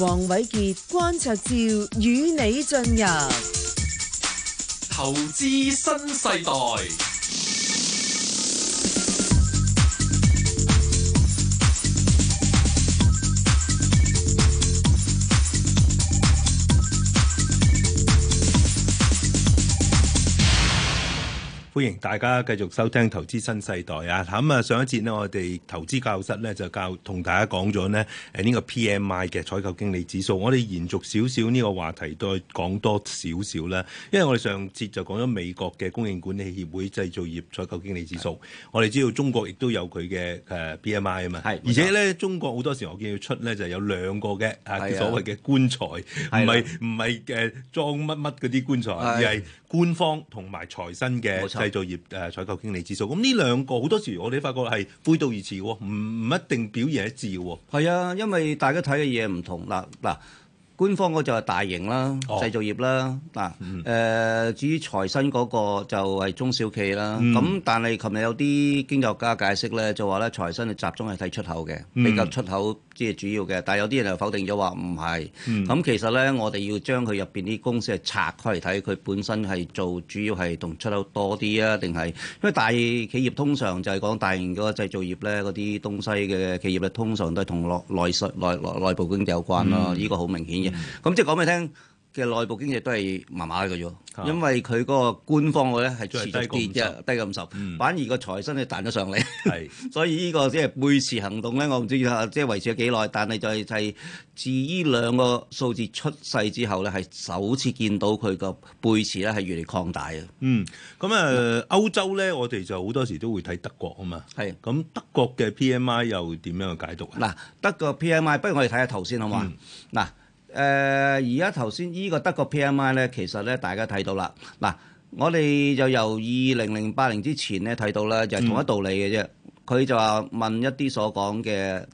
黃偉杰，關卓照，與你進入投資新世代。歡迎大家繼續收聽投資新世代啊！咁啊，上一節咧，我哋投資教室咧就教同大家講咗咧誒呢個 P M I 嘅採購經理指數。我哋延續少少呢個話題，再講多少少啦。因為我哋上節就講咗美國嘅供應管理協會製造業採購經理指數。的我哋知道中國亦都有佢嘅誒 P M I 啊嘛。係。而且咧，的中國好多時我見佢出咧就有兩個嘅啊，的所謂嘅棺材，唔係唔係嘅裝乜乜嗰啲棺材，而係，官方同埋財新嘅製造業誒冇錯、呃、採購經理指數，咁呢兩個好多時我哋發覺係背道而馳喎，唔唔一定表現一致喎。係啊，因為大家睇嘅嘢唔同嗱，嗱。官方嗰就係大型啦，製造業啦，嗱、哦，誒、啊呃，至於財新嗰個就係中小企啦。咁、嗯、但係琴日有啲經濟學家解釋咧，就話咧財新係集中係睇出口嘅，比較出口即係主要嘅。但係有啲人又否定咗話唔係。咁、嗯啊、其實咧，我哋要將佢入邊啲公司係拆開嚟睇，佢本身係做主要係同出口多啲啊，定係因為大企業通常就係講大型嗰個製造業咧，嗰啲東西嘅企業咧，通常都係同內內需內，內，內部經濟有關咯。呢、嗯、個好明顯。咁即係講俾你聽嘅內部經濟都係麻麻嘅啫，因為佢嗰個官方嘅咧係持續跌嘅，低咁五十，反而個財新咧彈咗上嚟，所以呢個即係背馳行動咧，我唔知啊，即係維持咗幾耐，但係就係係自呢兩個數字出世之後咧，係首次見到佢個背馳咧係越嚟擴大嘅。嗯，咁啊，歐洲咧，我哋就好多時都會睇德國啊嘛。係，咁德國嘅 PMI 又點樣去解讀啊？嗱，德國 PMI，不如我哋睇下圖先好嘛？嗱。誒而家頭先呢個德國 PMI 咧，其實咧大家睇到啦，嗱，我哋就由二零零八年之前咧睇到啦，就係同一道理嘅啫。佢就話問一啲所講嘅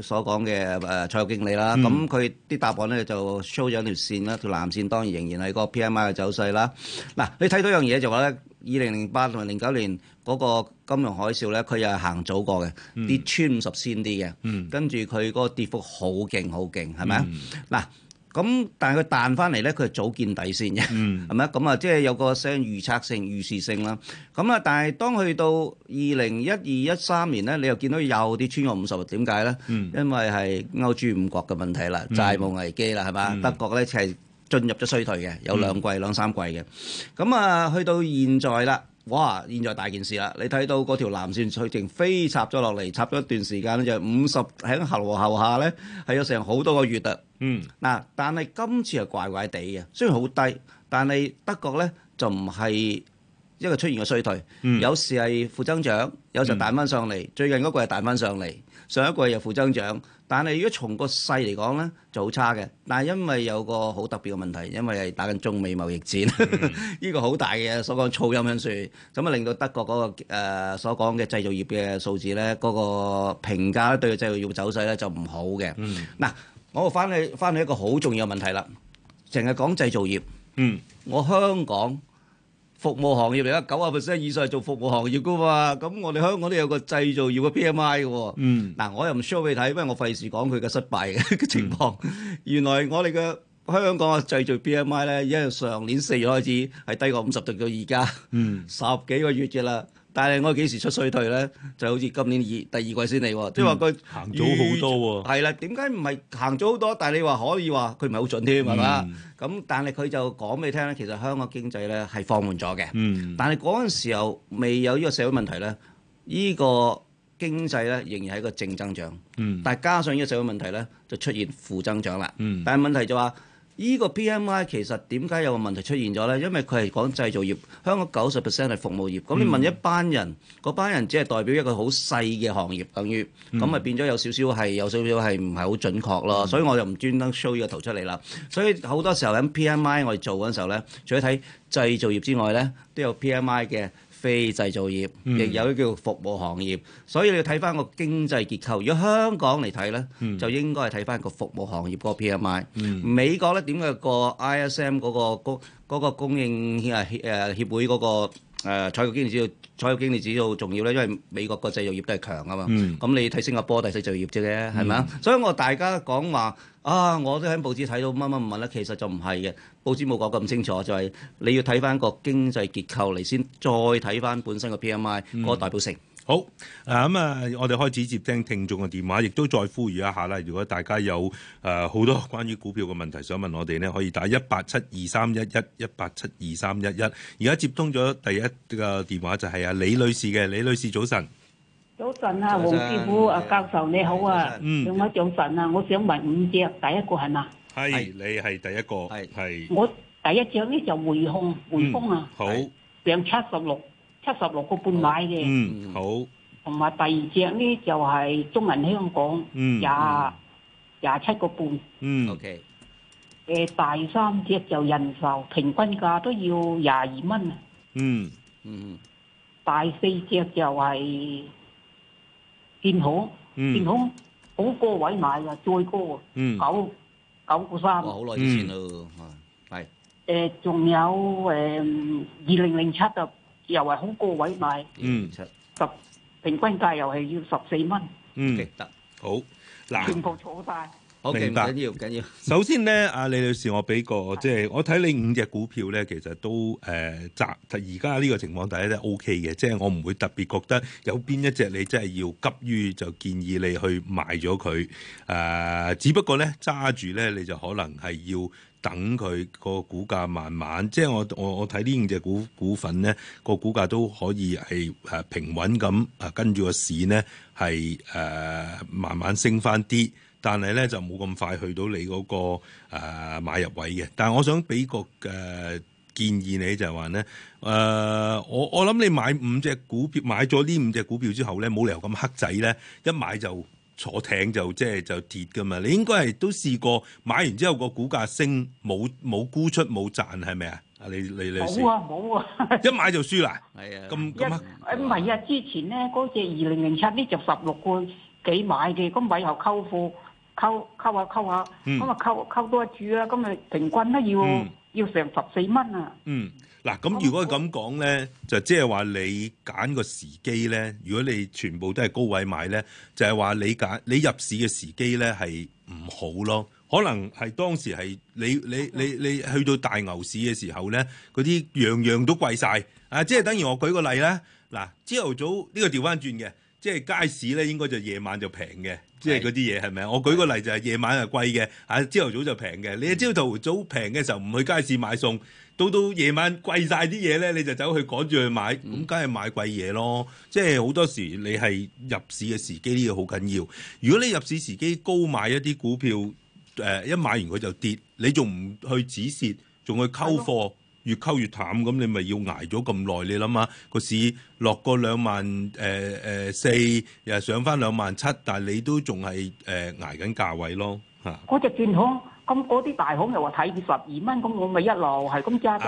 所講嘅誒財務經理啦，咁佢啲答案咧就 show 咗一條線啦，條藍線當然仍然係個 PMI 嘅走勢啦。嗱，你睇到樣嘢就話咧。二零零八同埋零九年嗰個金融海嘯咧，佢又係行早過嘅，跌穿五十先啲嘅，跟住佢嗰個跌幅好勁好勁，係咪啊？嗱，咁、嗯、但係佢彈翻嚟咧，佢係早見底先嘅，係咪啊？咁啊，即係有個聲預測性預示性啦。咁啊，但係當去到二零一二一三年咧，你又見到又跌穿個五十，點解咧？因為係歐豬五國嘅問題啦，債務危機啦，係嘛、嗯？德國咧就係。進入咗衰退嘅，有兩季兩三季嘅，咁啊去到現在啦，哇！現在大件事啦，你睇到嗰條藍線佢勁飛插咗落嚟，插咗一段時間咧就五十，喺後和後下咧係有成好多個月嘅。嗯，嗱、啊，但係今次係怪怪地嘅，雖然好低，但係德國咧就唔係一個出現嘅衰退，嗯、有時係負增長，有時候彈翻上嚟，嗯、最近嗰個係彈翻上嚟。上一個月又負增長，但係如果從個勢嚟講呢，就好差嘅。但係因為有個好特別嘅問題，因為係打緊中美貿易戰，呢個好大嘅所講噪音因素，咁啊令到德國嗰個、呃、所講嘅製造業嘅數字呢，嗰個評價呢對製造業走勢呢，就唔好嘅。嗱，我翻去翻去一個好重要嘅問題啦，成日講製造業，嗯、我香港。服務行業嚟㗎，九啊 percent 以上係做服務行業噶嘛，咁我哋香港都有個製造業嘅 PMI 嘅喎。嗱，嗯、我又唔 show 你睇，因為我費事講佢嘅失敗嘅情況。嗯、原來我哋嘅香港嘅製造 PMI 咧，因為上年四月開始係低過五十度到而家，嗯、十幾個月之啦。但係我幾時出衰退咧？就好似今年二第二季先嚟喎，即係話佢行咗好多喎、啊。係啦，點解唔係行咗好多？但係你話可以話佢唔係好準添係嘛？咁、嗯、但係佢就講俾你聽咧，其實香港經濟咧係放緩咗嘅。嗯。但係嗰陣時候未有呢個社會問題咧，呢、呢個經濟咧仍然係一個正增長。嗯。但係加上呢個社會問題咧，就出現負增長啦。嗯。但係問題就話、是。依個 PMI 其實點解有個問題出現咗咧？因為佢係講製造業，香港九十 percent 係服務業。咁、嗯、你問一班人，嗰班人只係代表一個好細嘅行業等於，等於咁咪變咗有少少係有少少係唔係好準確咯。嗯、所以我就唔專登 show 呢個圖出嚟啦。所以好多時候咧，PMI 我哋做嗰陣時候咧，除咗睇製造業之外咧，都有 PMI 嘅。非製造業亦有啲叫服務行業，嗯、所以你要睇翻個經濟結構。如果香港嚟睇呢，嗯、就應該係睇翻個服務行業個 PMI、嗯。美國呢，點解個 ISM 嗰個供應協協會嗰個。誒，採購、呃、經理指數採購經理指數重要咧，因為美國嘅製造業都係強啊嘛。咁、嗯、你睇新加坡第四季度業績咧，係咪啊？嗯、所以我大家講話啊，我都喺報紙睇到乜乜問咧，其實就唔係嘅。報紙冇講咁清楚，就係、是、你要睇翻個經濟結構嚟先，再睇翻本身個 PMI 嗰個代表性。嗯。好，嗱咁啊，我哋開始接聽聽眾嘅電話，亦都再呼籲一下啦。如果大家有誒好多關於股票嘅問題想問我哋呢，可以打一八七二三一一一八七二三一一。而家接通咗第一個電話就係阿李女士嘅，李女士早晨，早晨啊，黃師傅阿教授你好啊，兩位早晨啊，我想問五隻，第一個係嘛？係，你係第一個，係我第一隻呢，就匯控匯豐啊，好，兩七十六。七十六個半買嘅，嗯好。同埋、嗯、第二隻呢就係中銀香港，嗯廿廿七個半。20, 嗯，OK。誒、呃，第三隻就人壽，平均價都要廿二蚊啊。嗯嗯嗯。第四隻就係健康，健康好高位買噶，再高啊，嗯九九個三。好耐以前咯，係。誒，仲有誒二零零七嘅。又係好高位買，嗯，十平均價又係要十四蚊，嗯，得行好，全部坐晒。好，明白。唔緊要，唔緊要。首先咧，阿李女士我，我俾個即係我睇你五隻股票咧，其實都誒集而家呢個情況，底下咧 O K 嘅，即係我唔會特別覺得有邊一隻你真係要急於就建議你去賣咗佢，誒、呃，只不過咧揸住咧你就可能係要。等佢個股價慢慢，即係我我我睇呢五隻股股份咧，個股價都可以係誒平穩咁誒，跟住個市咧係誒慢慢升返啲，但係咧就冇咁快去到你嗰、那個誒、呃、買入位嘅。但係我想畀個誒、呃、建議你就，就係話咧誒，我我諗你買五隻股票，買咗呢五隻股票之後咧，冇理由咁黑仔咧，一買就。坐艇就即係就跌㗎嘛，你應該係都試過買完之後個股價升冇冇沽出冇賺係咪啊？啊你你你試。冇啊冇啊！一買就輸啦。係啊，咁咁啊。唔係啊，之前咧嗰隻二零零七咧就十六個幾買嘅，咁咪又溝貨溝溝下溝下，咁啊溝溝多一注啦，咁咪平均都要。要成十四蚊啊！嗯，嗱，咁如果咁講咧，就即係話你揀個時機咧。如果你全部都係高位買咧，就係話你揀你入市嘅時機咧係唔好咯。可能係當時係你你你你你你去到大牛市嘅時候咧，嗰啲樣樣都貴晒。啊！即係等於我舉個例啦。嗱，朝頭早呢個調翻轉嘅。即係街市咧，應該就夜晚就平嘅，即係嗰啲嘢係咪啊？是我舉個例就係、是、夜晚係貴嘅，啊，朝頭早就平嘅。你朝頭早平嘅時候唔去街市買餸，到到夜晚貴晒啲嘢咧，你就走去趕住去買，咁梗係買貴嘢咯。即係好多時你係入市嘅時機呢個好緊要。如果你入市時機高買一啲股票，誒、呃、一買完佢就跌，你仲唔去止蝕，仲去溝貨？越溝越淡，咁你咪要挨咗咁耐？你諗下個市落過兩萬，誒誒四，呃、4，又上翻兩萬七，但係你都仲係誒挨緊價位咯嚇。嗰隻建行，咁，嗰啲大行又話睇住十二蚊，咁我咪一路係咁揸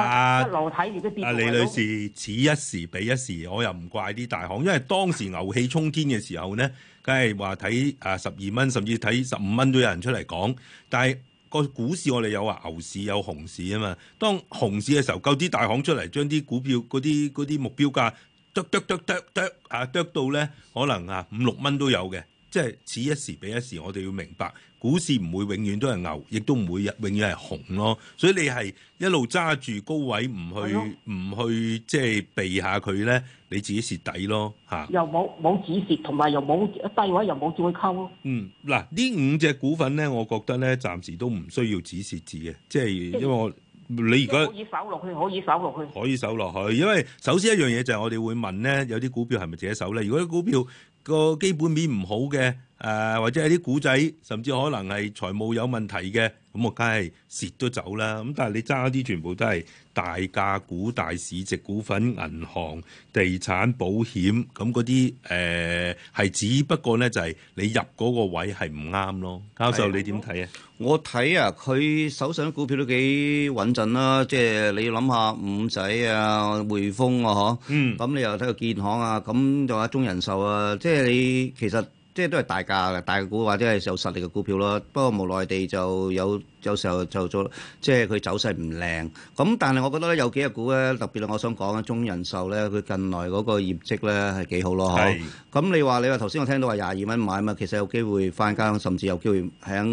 住一路睇住個跌落。啊李女士，此一時彼一時，我又唔怪啲大行，因為當時牛氣沖天嘅時候咧，梗係話睇啊十二蚊，甚至睇十五蚊都有人出嚟講，但係。個股市我哋有話牛市有熊市啊嘛，當熊市嘅時候，夠啲大行出嚟，將啲股票嗰啲嗰啲目標價剁剁剁剁剁啊剁到咧，可能啊五六蚊都有嘅，即係此一時彼一時，我哋要明白。股市唔會永遠都係牛，亦都唔會永遠係紅咯。所以你係一路揸住高位唔去唔去，即係的、就是、避下佢咧，你自己蝕底咯嚇。又冇冇止蝕，同埋又冇低位又冇再溝咯。嗯，嗱呢五隻股份咧，我覺得咧暫時都唔需要止蝕止嘅，即係因為我你而家可以守落去，可以守落去，可以守落去。因為首先一樣嘢就係我哋會問咧，有啲股票係咪自己手咧？如果股票個基本面唔好嘅，誒、呃、或者係啲股仔，甚至可能係財務有問題嘅，咁我梗係蝕都走啦。咁但係你揸啲全部都係大價股、大市值股份、銀行、地產、保險，咁嗰啲誒係只不過咧就係、是、你入嗰個位係唔啱咯。教授、哎、呦你點睇啊？我睇啊，佢手上股票都幾穩陣啦。即、就、係、是、你諗下，五仔啊、匯豐啊，嗬、嗯，咁你又睇個建行啊，咁仲有中人壽啊，即係。你其實即係都係大價嘅大股或者係有實力嘅股票咯，不過無奈地就有。有時候就做即係佢走勢唔靚，咁但係我覺得咧有幾隻股咧特別咧，我想講咧，中人壽咧佢近來嗰個業績咧係幾好咯，嗬。咁你話你話頭先我聽到話廿二蚊買嘛，其實有機會翻家，甚至有機會喺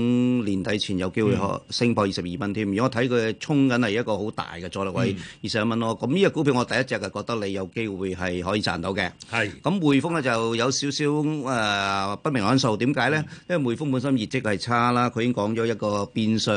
年底前有機會可升破二十二蚊添。如果我睇佢衝緊係一個好大嘅阻力位二十二蚊咯。咁呢隻股票我第一隻係覺得你有機會係可以賺到嘅。係。咁匯豐咧就有少少誒不明朗數，點解咧？因為匯豐本身業績係差啦，佢已經講咗一個變相。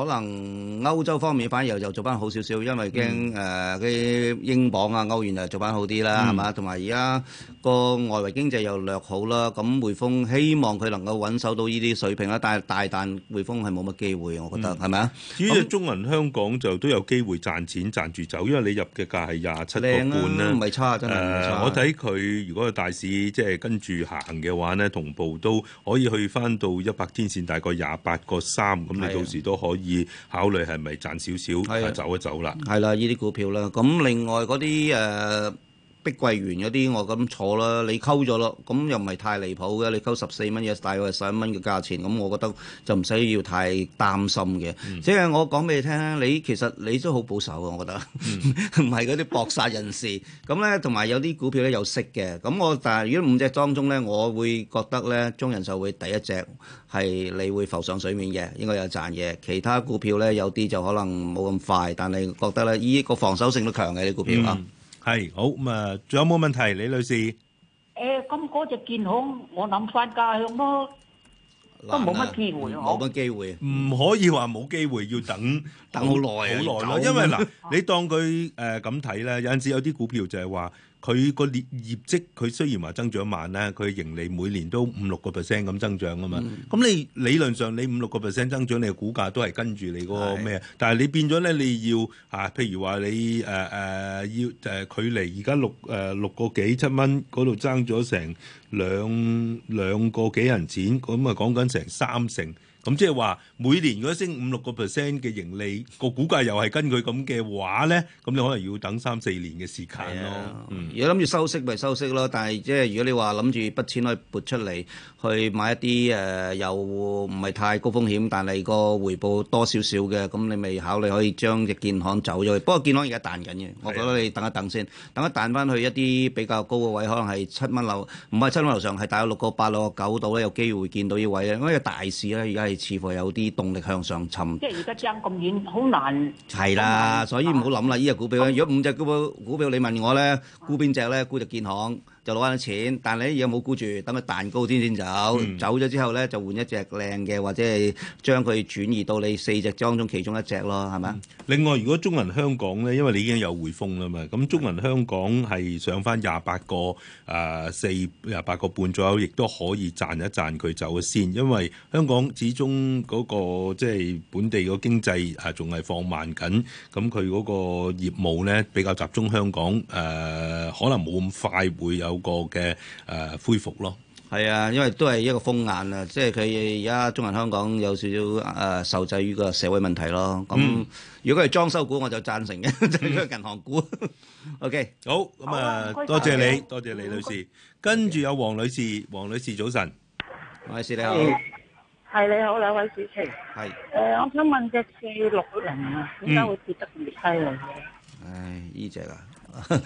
可能歐洲方面反而又又做翻好少少，因為驚誒啲英鎊啊、歐元啊做翻好啲啦，係嘛、嗯？同埋而家個外圍經濟又略好啦，咁匯豐希望佢能夠穩守到呢啲水平啦。但係大但匯豐係冇乜機會，我覺得係咪啊？至於、嗯、吧中銀香港就都有機會賺錢賺住走，因為你入嘅價係廿七個半啦，唔係、啊嗯、差真係、呃。我睇佢如果有大市即係跟住行嘅話呢同步都可以去翻到一百天線大概廿八個三，咁你到時都可以。考慮係咪賺少少，係走一走啦。係啦，呢啲股票啦。咁另外嗰啲誒。呃貴完嗰啲我咁坐啦，你溝咗咯，咁又唔係太離譜嘅，你溝十四蚊嘢，大約係十一蚊嘅價錢，咁我覺得就唔使要太擔心嘅。嗯、即係我講俾你聽，你其實你都好保守啊，我覺得，唔係嗰啲搏殺人士。咁咧， 同埋有啲股票咧有息嘅。咁我但係如果五隻當中咧，我會覺得咧中人壽會第一隻係你會浮上水面嘅，應該有賺嘅。其他股票咧有啲就可能冇咁快，但係覺得咧依、這個防守性都強嘅啲股票啊。嗯係好咁啊！仲有冇問題，李女士？誒，咁嗰隻見好我諗翻家，咁咯都冇乜機會，冇乜機會，唔可以話冇機會，要等等好耐，好耐咯。因為嗱，你當佢誒咁睇咧，有陣時有啲股票就係話。佢個業業績，佢雖然話增長慢咧，佢盈利每年都五六個 percent 咁增長啊嘛。咁、嗯嗯、你理論上你五六個 percent 增長，你嘅股價都係跟住你嗰個咩？是但係你變咗咧，你要啊，譬如話你誒誒、啊啊、要誒、啊、距離而家六誒、啊、六個幾七蚊嗰度爭咗成兩兩個幾銀錢，咁啊講緊成三成。咁即係話每年如果升五六個 percent 嘅盈利，個股價又係根據咁嘅話咧，咁你可能要等三四年嘅時間咯。的嗯、如果諗住收息咪收息咯，但係即係如果你話諗住筆錢可以撥出嚟。去買一啲誒、呃、又唔係太高風險，但係個回報多少少嘅，咁你咪考慮可以將隻建行走咗去。不過建行而家彈緊嘅，我覺得你等一等先，的等一彈翻去一啲比較高嘅位，可能係七蚊樓，唔係七蚊樓上，係大概六個八、六個九度咧，有機會見到呢位啊！因為大市咧而家係似乎有啲動力向上侵。即係而家漲咁遠，好難。係啦，所以唔好諗啦，呢隻、啊、股票，啊、如果五隻股票股票你問我咧，沽邊隻咧？沽就建行。攞翻啲錢，但係而家冇顧住，等佢蛋糕先先走，嗯、走咗之後咧就換一隻靚嘅，或者係將佢轉移到你四隻當中其中一隻咯，係咪？另外，如果中銀香港咧，因為你已經有匯豐啦嘛，咁中銀香港係上翻廿八個誒四廿八個半左右，亦都可以賺一賺佢走先，因為香港始終嗰、那個即係、就是、本地個經濟誒，仲係放慢緊，咁佢嗰個業務咧比較集中香港誒、呃，可能冇咁快會有。個嘅誒恢復咯，係啊，因為都係一個風眼啊，即係佢而家中銀香港有少少誒受制於個社會問題咯。咁如果係裝修股，我就贊成嘅，就係銀行股。OK，好咁誒，多謝你，多謝李女士。跟住有黃女士，黃女士早晨，黃女士你好，係你好，兩位主持，係誒，我想問隻四六零，點解會跌得越低啊？唉，呢隻啊！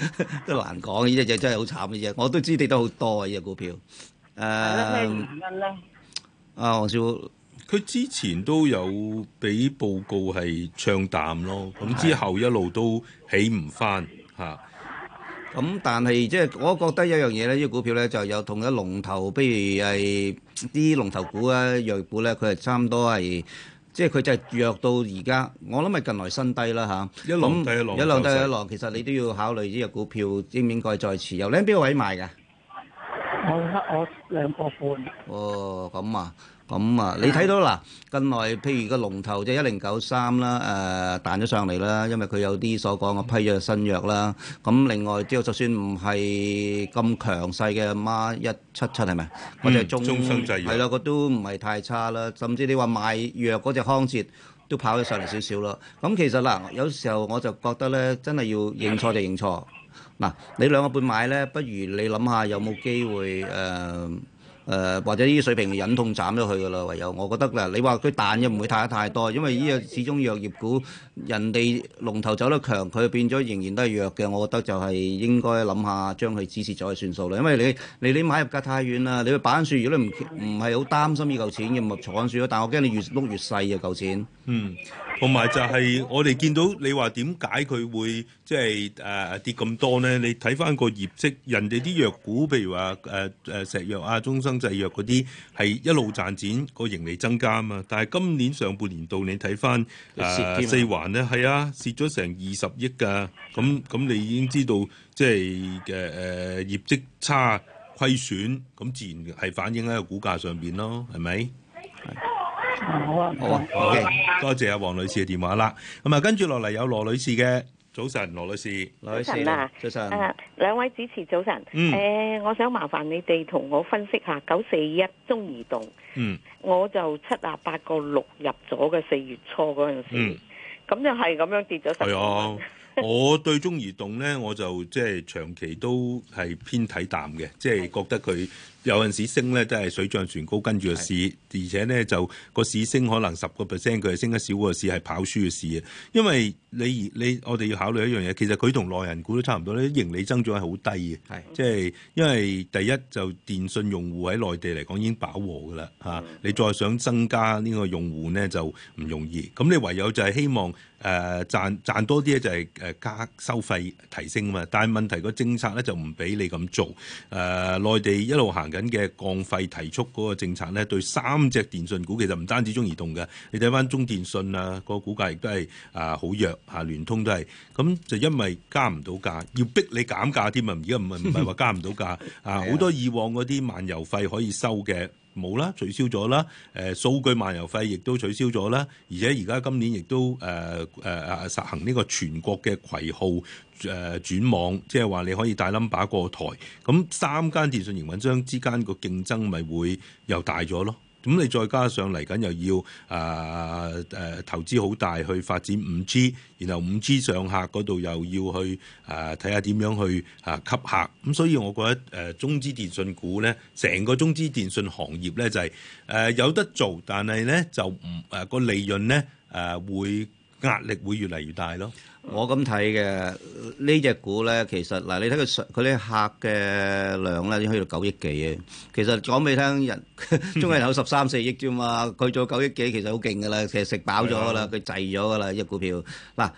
都難講，呢隻嘢真係好慘嘅嘢，我都知跌得好多啊！呢隻股票，誒、啊，咩原因咧？阿、啊、黃少，佢之前都有俾報告係唱淡咯，咁之後一路都起唔翻吓。咁、啊嗯、但係即係，我覺得有一樣嘢咧，呢、這、隻、個、股票咧，就有同一龍頭，譬如係啲龍頭股啊、藥股咧，佢係差唔多係。即係佢就係弱到而家，我諗咪近來新低啦嚇、啊。一浪低一浪，一浪低一浪， 其實你都要考慮呢隻股票應唔應該再持有？你喺邊個位買㗎？我黑我兩個半。哦，咁啊，咁啊，嗯、你睇到嗱，近來譬如個龍頭即係一零九三啦，誒彈咗上嚟啦，因為佢有啲所講嘅批咗新藥啦。咁另外即係就算唔係咁強勢嘅嘛，一七七係咪？我哋係中、中生製藥，係咯，佢、嗰個、都唔係太差啦。甚至你話賣藥嗰隻康捷都跑咗上嚟少少啦。咁其實嗱，有時候我就覺得咧，真係要認錯就認錯。啊！你兩個半買咧，不如你諗下有冇機會誒誒，或者呢啲水平忍痛斬咗佢噶啦？唯有我覺得啦，你話佢彈又唔會彈得太多，因為呢個始終藥業股人哋龍頭走得強，佢變咗仍然都係弱嘅。我覺得就係應該諗下將佢止蝕咗就算數啦。因為你你你買入價太遠啦，你去擺樹，如果你唔唔係好擔心呢嚿錢嘅，咪坐緊樹咯。但我驚你越碌越細嘅嚿錢。嗯，同埋就係我哋見到你話點解佢會？即係誒跌咁多咧，你睇翻個業績，人哋啲藥股，譬如話誒誒石藥啊、中生製藥嗰啲，係一路賺錢，個盈利增加啊嘛。但係今年上半年度你睇翻誒四環咧，係啊，蝕咗成二十億㗎。咁咁你已經知道，即係嘅誒業績差虧損，咁自然係反映喺個股價上邊咯，係咪？好啊，okay，好啊，多謝阿黃女士嘅電話啦。咁啊，跟住落嚟有羅女士嘅。早晨，羅女士。早晨啊，兩位主持，早晨。誒、啊嗯呃，我想麻煩你哋同我分析下九四一中移動。嗯，我就七啊八個六入咗嘅四月初嗰陣時，咁、嗯、就係咁樣跌咗十 我對中移動咧，我就即係長期都係偏睇淡嘅，即、就、係、是、覺得佢有陣時升咧都係水漲船高跟住個市，的而且咧就個市升可能十個 percent，佢係升得少過個市係跑輸個市嘅。因為你你我哋要考慮一樣嘢，其實佢同內銀股都差唔多咧，盈利增長係好低嘅，係即係因為第一就電信用戶喺內地嚟講已經飽和噶啦嚇，啊、的你再想增加呢個用戶咧就唔容易，咁你唯有就係希望。誒、呃、賺賺多啲咧就係誒加收費提升啊嘛，但係問題個政策咧就唔俾你咁做。誒、呃、內地一路行緊嘅降費提速嗰個政策咧，對三隻電信股其實唔單止中移動嘅，你睇翻中電信啊、個股價亦都係啊好弱嚇，聯通都係。咁就因為加唔到價，要逼你減價添啊！而家唔係唔係話加唔到價啊，好多以往嗰啲漫遊費可以收嘅。冇啦，取消咗啦。誒，數據漫遊費亦都取消咗啦。而且而家今年亦都誒誒誒實行呢個全國嘅攜號誒轉網，即係話你可以帶 number 過台。咁三間電信營運商之間個競爭咪會又大咗咯。咁你再加上嚟緊又要啊誒、呃呃、投資好大去發展五 G，然後五 G 上下嗰度又要去啊睇、呃、下點樣去啊、呃、吸客，咁所以我覺得誒、呃、中資電訊股咧，成個中資電信行業咧就係、是、誒、呃、有得做，但係咧就唔誒個利潤咧誒會，壓力會越嚟越大咯。我咁睇嘅呢隻股咧，其實嗱，你睇佢佢啲客嘅量咧已經去到九億幾嘅。其實講俾你聽人，中國人口十三四億啫嘛，佢 做九億幾其實好勁噶啦，其實食飽咗噶啦，佢的滯咗噶啦，隻股票嗱。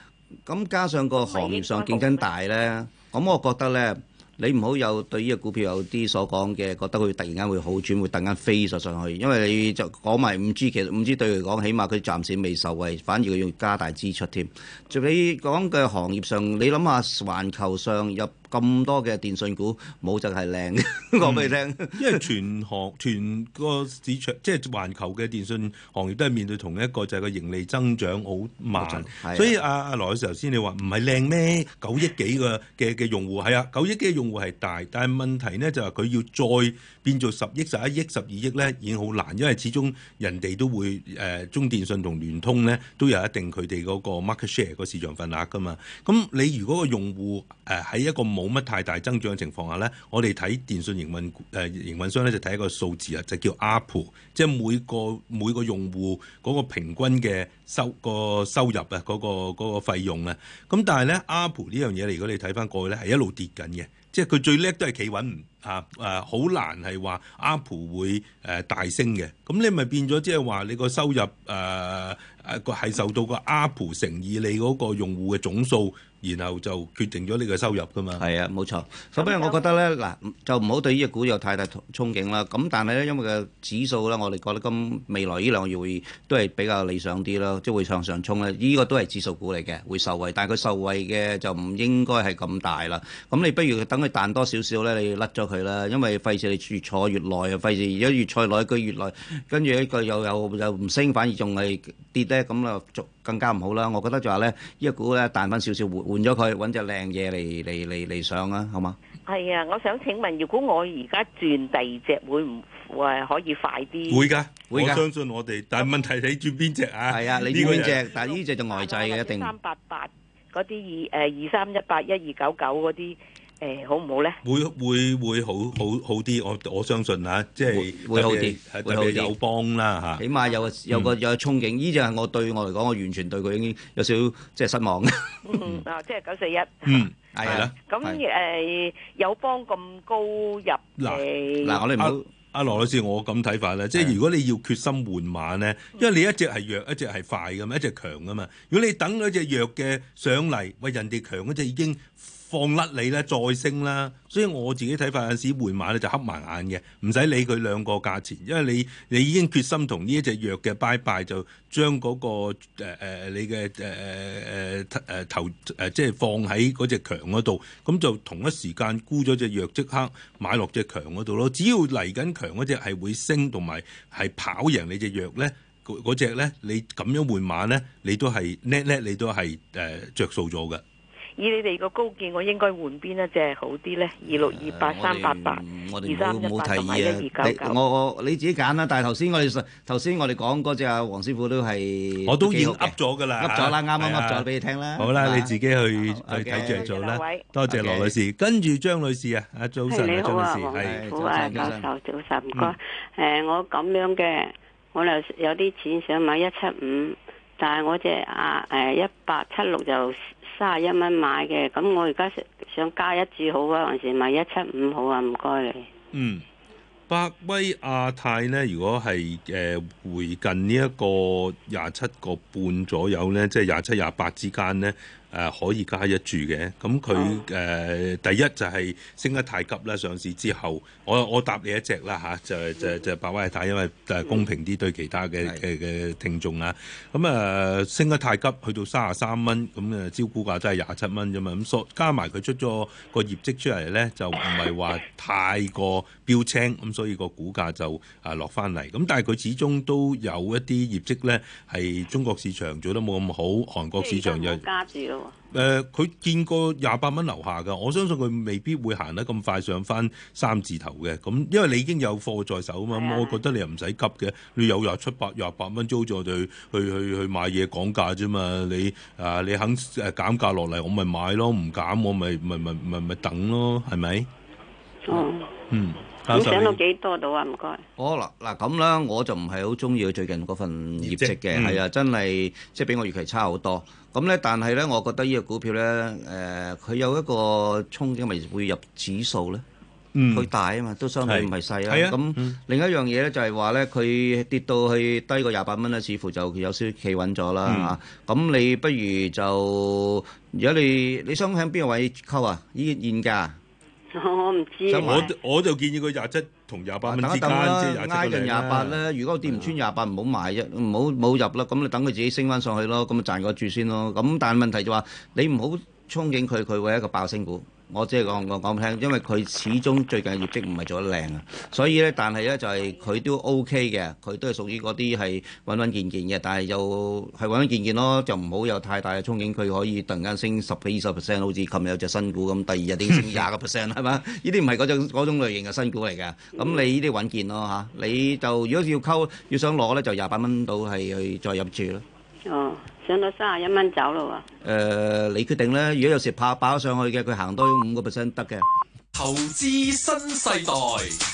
咁、啊、加上個行業上競爭大咧，咁 我覺得咧。你唔好有對呢個股票有啲所講嘅，覺得佢突然間會好轉，會突然間飛咗上去。因為你就講埋五 G，其實五 G 對佢嚟講，起碼佢暫時未受惠，反而佢要加大支出添。就你講嘅行業上，你諗下，環球上有。咁多嘅電訊股冇就係靚，講俾你聽，嗯、 因為全行全個市場即係環球嘅電信行業都係面對同一個就係、是、個盈利增長好慢，錯所以阿阿羅 Sir 頭先你話唔係靚咩？九億幾個嘅嘅用戶係啊，九億幾嘅用戶係大，但係問題咧就係、是、佢要再變做十億十一億十二億咧已經好難，因為始終人哋都會誒、呃、中電信同聯通咧都有一定佢哋嗰個 market share 個市場份額噶嘛。咁你如果個用戶誒喺一個。冇乜太大增長嘅情況下咧，我哋睇電信營運誒、呃、營運商咧就睇一個數字啊，就叫阿蒲，即係每個每個用戶嗰個平均嘅收個收入啊，嗰、嗰個費用啊。咁但係咧，阿蒲呢樣嘢嚟，如果你睇翻過去咧，係一路跌緊嘅，即係佢最叻都係企穩啊！誒，好難係話阿蒲會誒大升嘅。咁你咪變咗即係話你個收入誒誒個係受到個阿蒲乘以你嗰個用戶嘅總數。然後就決定咗呢個收入㗎嘛，係啊，冇錯。所以我覺得咧，嗱，就唔好對呢隻股有太大憧憬啦。咁但係咧，因為個指數咧，我哋覺得今未來呢兩個月會都係比較理想啲咯，即係會向上衝咧。呢個都係指數股嚟嘅，會受惠，但係佢受惠嘅就唔應該係咁大啦。咁你不如等佢彈多少少咧，你甩咗佢啦。因為費事你越坐越耐啊，費事而家越坐耐，佢越耐，跟住一個又又又唔升，反而仲係跌咧，咁啊，更加唔好啦，我覺得就話咧，呢個股咧彈翻少少，換換咗佢，揾隻靚嘢嚟嚟嚟嚟上啊，好嗎？係啊，我想請問，如果我而家轉第二隻，會唔會、啊、可以快啲？會噶的，會噶的，相信我哋。但係、嗯、問題你轉邊隻啊？係啊，你轉邊隻？但係呢隻就外債嘅一定。三八八嗰啲二誒二三一八一二九九嗰啲。誒，好唔好咧？會會會好好好啲，我我相信吓，即係會好啲有幫啦吓。起碼有有個有憧憬，呢隻係我對我嚟講，我完全對佢已經有少少即係失望嘅。嗯啊，即係九四一。嗯，係啦。咁誒，友邦咁高入嚟嗱，我哋唔好阿羅老師，我咁睇法咧，即係如果你要決心換馬咧，因為你一隻係弱，一隻係快噶嘛，一隻強噶嘛。如果你等嗰隻弱嘅上嚟，喂人哋強嗰隻已經。放甩你咧，再升啦！所以我自己睇法時，有陣時換馬咧就黑埋眼嘅，唔使理佢兩個價錢，因為你你已經決心同呢一隻弱嘅拜拜，就將嗰、嗰個誒、呃、你嘅誒誒誒誒投誒即係放喺嗰隻強嗰度，咁就同一時間沽咗隻弱即刻買落隻強嗰度咯。只要嚟緊強嗰隻係會升，同埋係跑贏你隻弱咧嗰嗰隻咧，你咁樣換馬咧，你都係叻叻，泥泥你都係誒着數咗嘅。以你哋個高見，我應該換邊一隻好啲咧？二六二八三八八二三一八就買一二九九。我我你自己揀啦。但係頭先我哋頭先我哋講嗰隻阿黃師傅都係我都已經噏咗噶啦，噏咗啦，啱啱噏咗俾你聽啦。好啦，你自己去去睇住做啦。多謝羅女士，跟住張女士啊，早晨啊，張女士係早晨。你好啊，黃虎啊，教授早晨，唔該。誒，我咁樣嘅，我有有啲錢想買一七五，但係我隻啊誒一八七六就。三十一蚊買嘅，咁我而家想加一注好啊，還是買一七五好啊？唔該你。嗯，百威亞太呢，如果係誒、呃、回近呢一個廿七個半左右呢，即係廿七廿八之間呢。誒、啊、可以加一注嘅，咁佢誒第一就係升得太急啦！上市之後，我我答你一隻啦嚇，就就就百威亞太，因為誒公平啲對其他嘅嘅嘅聽眾啊，咁啊升得太急去到三十三蚊，咁嘅招股價真係廿七蚊啫嘛，咁所加埋佢出咗個業績出嚟咧，就唔係話太過標青，咁 所以個股價就啊落翻嚟。咁但係佢始終都有一啲業績咧，係中國市場做得冇咁好，韓國市場又誒，佢、呃、見過廿八蚊樓下㗎，我相信佢未必會行得咁快上返三字頭嘅。咁因為你已經有貨在手啊嘛，嗯、我覺得你又唔使急嘅。你有廿七、八、廿八蚊租住我哋，去去去買嘢講價啫嘛。你啊，你肯誒減價落嚟，我咪買咯。唔減我咪咪咪咪咪等咯，係咪？哦，嗯。嗯咁上到幾多到啊？唔該。哦、oh，啦，嗱咁咧，我就唔係好中意佢最近嗰份業績嘅，係、嗯、啊，真係即係比我預期差好多。咁、嗯、咧，但係咧，我覺得呢個股票咧，誒、呃，佢有一個憧憬，咪會入指數咧，佢大啊嘛，都相對唔係細啦。係啊，咁另一樣嘢咧就係話咧，佢跌到去低過廿八蚊咧，似乎就有少少企穩咗啦嚇。咁、嗯啊、你不如就如果你你想喺邊個位溝啊？依現價。我唔知是，是我我，就建議佢廿七同廿八之間啦，挨近廿八啦。如果跌唔穿廿八的，唔好買啫，唔好冇入啦。咁你等佢自己升翻上去咯。咁就賺個住先咯。咁但係問題就話、是，你唔好憧憬佢，佢會係一個爆升股。我即係講講講唔聽，因為佢始終最近業績唔係做得靚啊，所以咧，但係咧就係、是、佢都 OK 嘅，佢都係屬於嗰啲係穩穩健健嘅，但係又係穩穩健健咯，就唔好有太大嘅憧憬，佢可以突然間升十幾二十 percent，好似琴日有隻新股咁，第二日都要升廿個 percent 係嘛？呢啲唔係嗰種嗰種類型嘅新股嚟嘅，咁你呢啲穩健咯嚇，你就如果要溝要想攞咧，就廿八蚊到係去再入住咯。哦。上到三十一蚊走咯喎、啊呃！你決定咧。如果有時怕爆上去嘅，佢行多咗五個 percent 得嘅。投資新世代。世代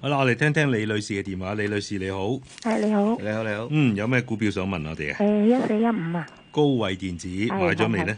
好啦，我哋聽聽李女士嘅電話。李女士你好，係、啊、你，你好，你好你好。嗯，有咩股票想問我哋、呃、啊？誒，一四一五啊。高偉電子的買咗未呢？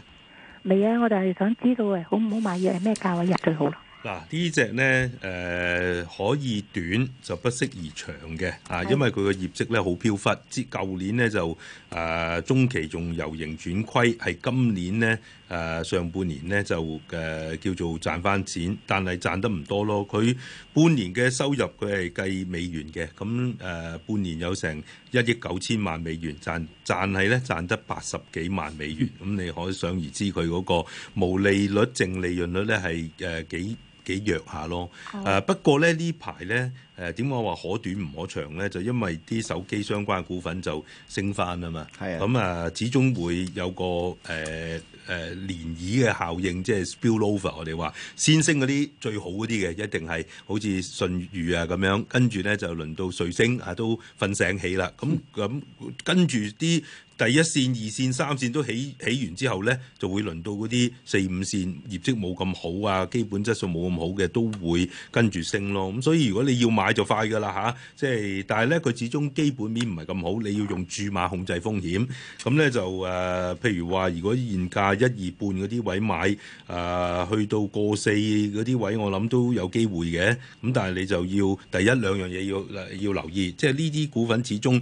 未啊，我就係想知道誒，好唔好買嘢？係咩價位入最好？嗱、啊，呢隻呢，誒、呃，可以短就不適宜長嘅，啊，的因為佢嘅業績咧好飄忽，至舊年呢就。誒、呃、中期仲由盈轉虧，係今年呢誒、呃、上半年呢，就誒、呃、叫做賺返錢，但係賺得唔多咯。佢半年嘅收入佢係計美元嘅，咁誒、呃、半年有成一億九千萬美元賺，賺係咧賺得八十幾萬美元，咁你可想而知佢嗰個毛利率淨利潤率咧係誒幾？幾弱下咯，誒、啊、不過咧呢排咧誒點講話可短唔可長咧？就因為啲手機相關股份就升返啊嘛，咁啊的、嗯、始終會有個誒誒、呃呃、漣漪嘅效應，即係 spill over，我哋話先升嗰啲最好嗰啲嘅，一定係好似舜宇啊咁樣，跟住咧就輪到瑞聲，啊都瞓醒起啦，咁、嗯、咁、嗯嗯、跟住啲。第一線、二線、三線都起起完之後呢，就會輪到嗰啲四五線業績冇咁好啊，基本質素冇咁好嘅都會跟住升咯。咁所以如果你要買就快㗎啦吓，即、啊、係、就是、但係呢，佢始終基本面唔係咁好，你要用注碼控制風險。咁、嗯、呢，就誒、呃，譬如話如果現價一二半嗰啲位買，誒、呃、去到過四嗰啲位，我諗都有機會嘅。咁、嗯、但係你就要第一兩樣嘢要、呃、要留意，即係呢啲股份始終誒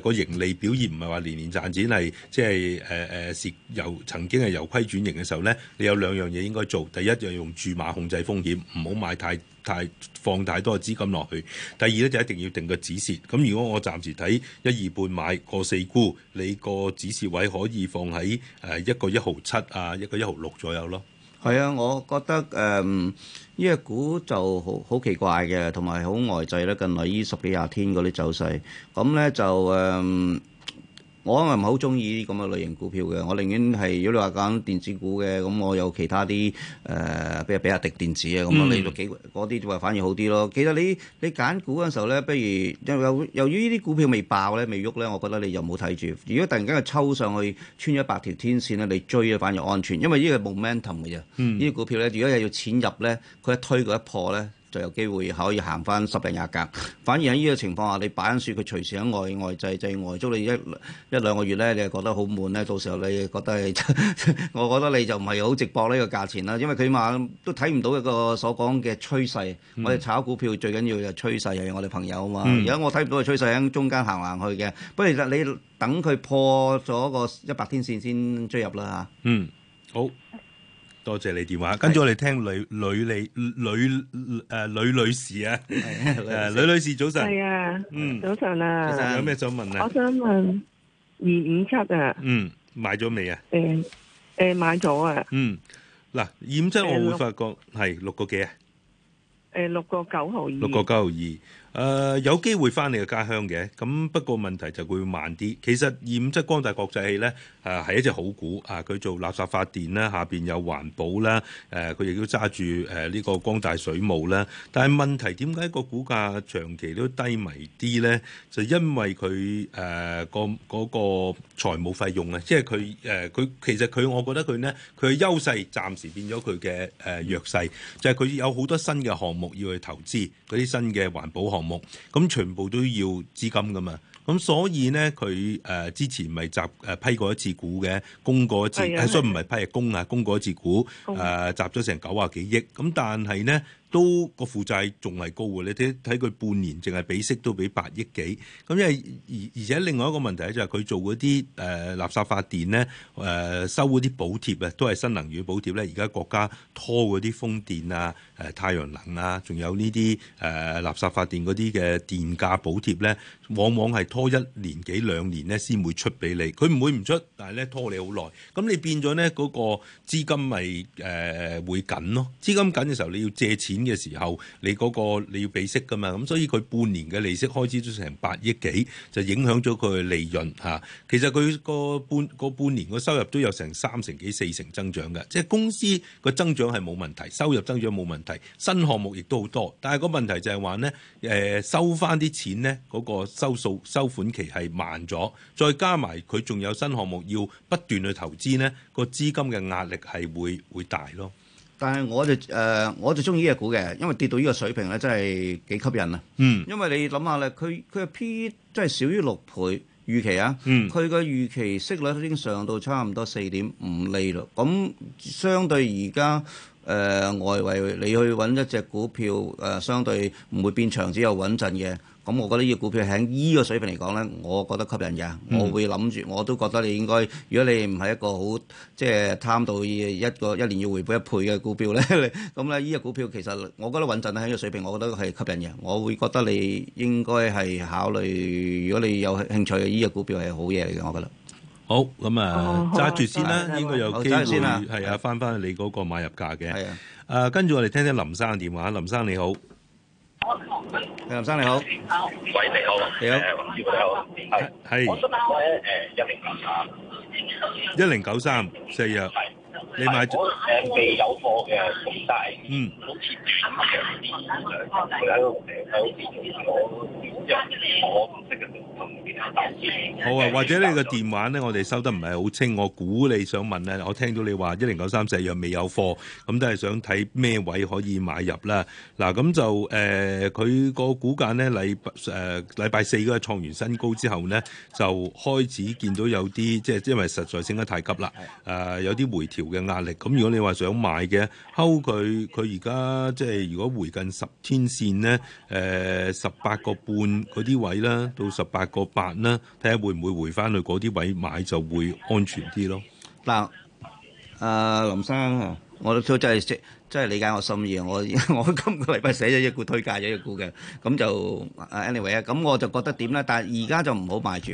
個、呃、盈利表現唔係話。年年賺錢係即係誒誒，由、呃呃、曾經係由虧轉型嘅時候咧，你有兩樣嘢應該做。第一樣用注碼控制風險，唔好買太太放太多資金落去。第二咧就一定要定個止蝕。咁如果我暫時睇一二半買個四股，你個止蝕位可以放喺誒一個一毫七啊，一個一毫六左右咯。係啊，我覺得誒呢隻股就好好奇怪嘅，同埋好呆滯咧。近來呢十幾廿天嗰啲走勢，咁咧就誒。嗯我可能唔係好中意呢啲咁嘅類型股票嘅。我寧願係如果你話揀電子股嘅，咁我有其他啲誒、呃，比如比亞迪電子啊，咁啊、mm，呢度幾嗰啲就反而好啲咯。其實你你揀股嘅時候咧，不如由由於呢啲股票未爆咧，未喐咧，我覺得你又唔好睇住。如果突然間佢抽上去穿咗百條天線咧，你追咧反而安全，因為呢個係 momentum 嘅啫。呢啲、mm hmm. 股票咧，如果又要淺入咧，佢一推佢一破咧。就有機會可以行翻十零廿格，反而喺呢個情況下，你擺緊樹，佢隨時喺外外滯滯外租你一一兩個月咧，你係覺得好悶咧。到時候你覺得係， 我覺得你就唔係好直播呢、呢個價錢啦。因為佢起碼都睇唔到一個所講嘅趨勢。嗯、我哋炒股票最緊要嘅趨勢係我哋朋友啊嘛。嗯、如果我睇唔到嘅趨勢喺中間行行去嘅，不如其實你等佢破咗個一百天線先追入啦嚇。嗯，好。多謝你電話，跟住我哋聽女女你女誒女女士啊。誒女女士早晨。係啊，嗯，早晨啊，有咩想問啊？我想問二五七啊，嗯，買咗未啊？誒誒，買咗啊，嗯，嗱，二五七我會發覺係六個幾啊，誒，六個九毫二，六個九毫二。誒、呃、有機會翻你嘅家鄉嘅，咁不過問題就會慢啲。其實二五七光大國際戲咧，誒、呃、係一隻好股啊！佢、呃、做垃圾發電啦，下邊有環保啦，誒佢亦都揸住誒呢個光大水務啦。但係問題點解個股價長期都低迷啲咧？就因為佢誒、呃那個嗰、那個財務費用啊，即係佢誒佢其實佢我覺得佢咧，佢嘅優勢暫時變咗佢嘅誒弱勢，就係、是、佢有好多新嘅項目要去投資嗰啲新嘅環保項目。項目咁全部都要資金噶嘛，咁所以咧佢誒之前咪集誒、呃、批過一次股嘅，供過一次，雖然唔係批係供啊，供過一次股誒、嗯呃、集咗成九啊幾億，咁、嗯、但係咧都個負債仲係高嘅，你睇睇佢半年淨係俾息都俾八億幾，咁因為而且而且另外一個問題就係、是、佢做嗰啲誒垃圾發電咧，誒、呃、收嗰啲補貼啊，都係新能源補貼咧，而家國家拖嗰啲風電啊。誒太陽能啊，仲有呢啲誒垃圾發電嗰啲嘅電價補貼咧，往往係拖一年幾兩年咧先會出俾你。佢唔會唔出，但係咧拖你好耐。咁你變咗咧嗰個資金咪、就、誒、是呃、會緊咯。資金緊嘅時候，你要借錢嘅時候，你嗰、嗰個你要俾息㗎嘛。咁所以佢半年嘅利息開支都成八億幾，就影響咗佢嘅利潤嚇、啊。其實佢個半個半年個收入都有成三成幾四成增長嘅，即係公司個增長係冇問題，收入增長冇問題。新項目亦都好多，但係個問題就係話咧，誒收翻啲錢咧，嗰、嗰個收數收款期係慢咗，再加埋佢仲有新項目要不斷去投資咧，個資金嘅壓力係會會大咯。但係我就誒、呃、我就中意呢隻股嘅，因為跌到呢個水平咧，真係幾吸引啊。嗯，因為你諗下咧，佢佢嘅 PE 真係少於六倍預期啊。嗯，佢嘅預期息率已經上到差唔多四點五厘喇，咁相對而家。誒外圍，呃、你去揾一隻股票誒、呃，相對唔會變長，只有穩陣嘅。咁我覺得呢隻股票喺依個水平嚟講咧，我覺得吸引嘅。嗯、我會諗住，我都覺得你應該，如果你唔係一個好，即係貪到一個一年要回報一倍嘅股票咧，咁咧依隻股票其實我覺得穩陣咧，喺呢個水平，我覺得係吸引嘅。我會覺得你應該係考慮，如果你有興趣，依、依隻股票係好嘢嚟嘅，我覺得。好，咁啊揸住先啦，應該有機會係啊翻翻去你嗰個買入價嘅。誒，跟住我哋聽聽林生嘅電話。林生你好，林生你好，喂，你好，你好，葉生你好，係係，誒一零九三，一零九三四約。你買誒未有貨嘅？咁大。嗯，好貼地嘅，佢好啊，或者你個電話咧，我哋收得唔係好清。我估你想問咧，我聽到你話一零九三四樣未有貨，咁都係想睇咩位可以買入啦？嗱，咁就誒，佢個股價咧禮誒、呃、禮拜四嗰個創完新高之後呢，就開始見到有啲即係因為實在升得太急啦，誒、呃、有啲回調。嘅壓力，咁如果你話想買嘅，睺佢佢而家即係如果回近十天線咧，誒十八個半嗰啲位啦，到十八個八啦，睇下會唔會回翻去嗰啲位買就會安全啲咯。嗱、嗯，阿、呃、林生，我都真係真係理解我心意啊！我我今個禮拜寫咗一股推介，咗一股嘅，咁就 anyway 啊，咁我就覺得點咧，但係而家就唔好買住。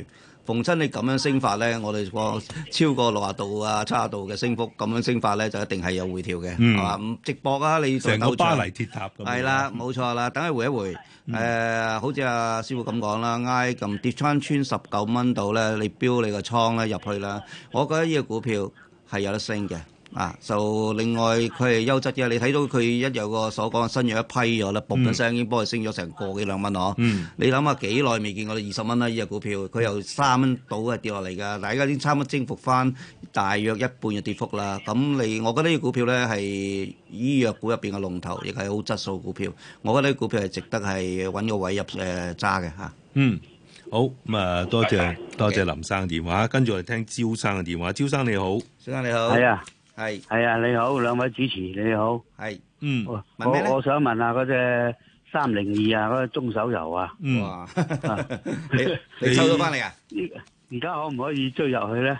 逢親你咁樣升法呢，我哋講超過六啊度啊七啊度嘅升幅，咁樣升法呢，就一定係有回調嘅、嗯，係嘛？直播啊，你成個巴黎鐵塔咁。係啦，冇錯啦，等佢回一回。嗯呃、好似阿、啊、師傅咁講啦，捱咁跌穿穿十九蚊度咧，你標你個倉咧入去啦。我覺得依個股票係有得升嘅。啊！就另外佢係優質嘅，你睇到佢一有個所講嘅新藥一批咗啦，搏緊聲已經幫佢升咗成個幾兩蚊哦。你諗下幾耐未見過你二十蚊啦呢隻股票，佢由三蚊到係跌落嚟㗎，大家已經差唔多征服翻大約一半嘅跌幅啦。咁你，我覺得呢隻股票咧係醫藥股入邊嘅龍頭，亦係好質素股票。我覺得呢股票係值得係揾個位入誒揸嘅嚇。嗯，好咁啊，多謝多謝林生嘅電話，跟住我哋聽招生嘅電話。招生你好，小生你好，係啊。係係啊，你好，兩位主持，你好。係嗯，我我，我想問下嗰隻三零二啊，嗰隻中手游啊。嗯，哇 你收到翻嚟啊？而家可唔可以追入去咧？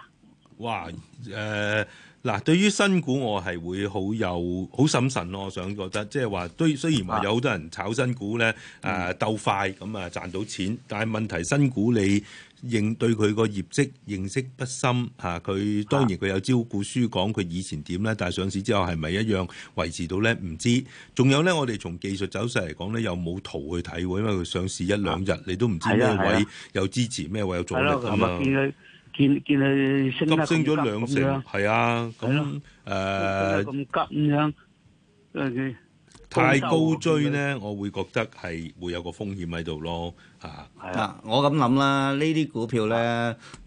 哇，誒、呃，嗱，對於新股我係會好有好審慎咯，我想覺得即係話，雖雖然話有好多人炒新股咧，誒、啊嗯呃，鬥快咁啊賺到錢，但係問題新股你。應對佢個業績認識不深嚇，佢、啊、當然佢有招股書講佢以前點咧，但係上市之後係咪一樣維持到咧？唔知。仲有咧，我哋從技術走勢嚟講咧，又冇圖去睇，因為佢上市一兩日，啊、你都唔知咩位有支持，咩位的有，有阻力噶嘛的樣。見見見佢升得咁急，急升咗兩成，係樣啊，咁誒咁急咁樣太高追咧，會我會覺得係會有個風險喺度咯。啊！嗱、啊啊，我咁諗啦，呢啲股票咧，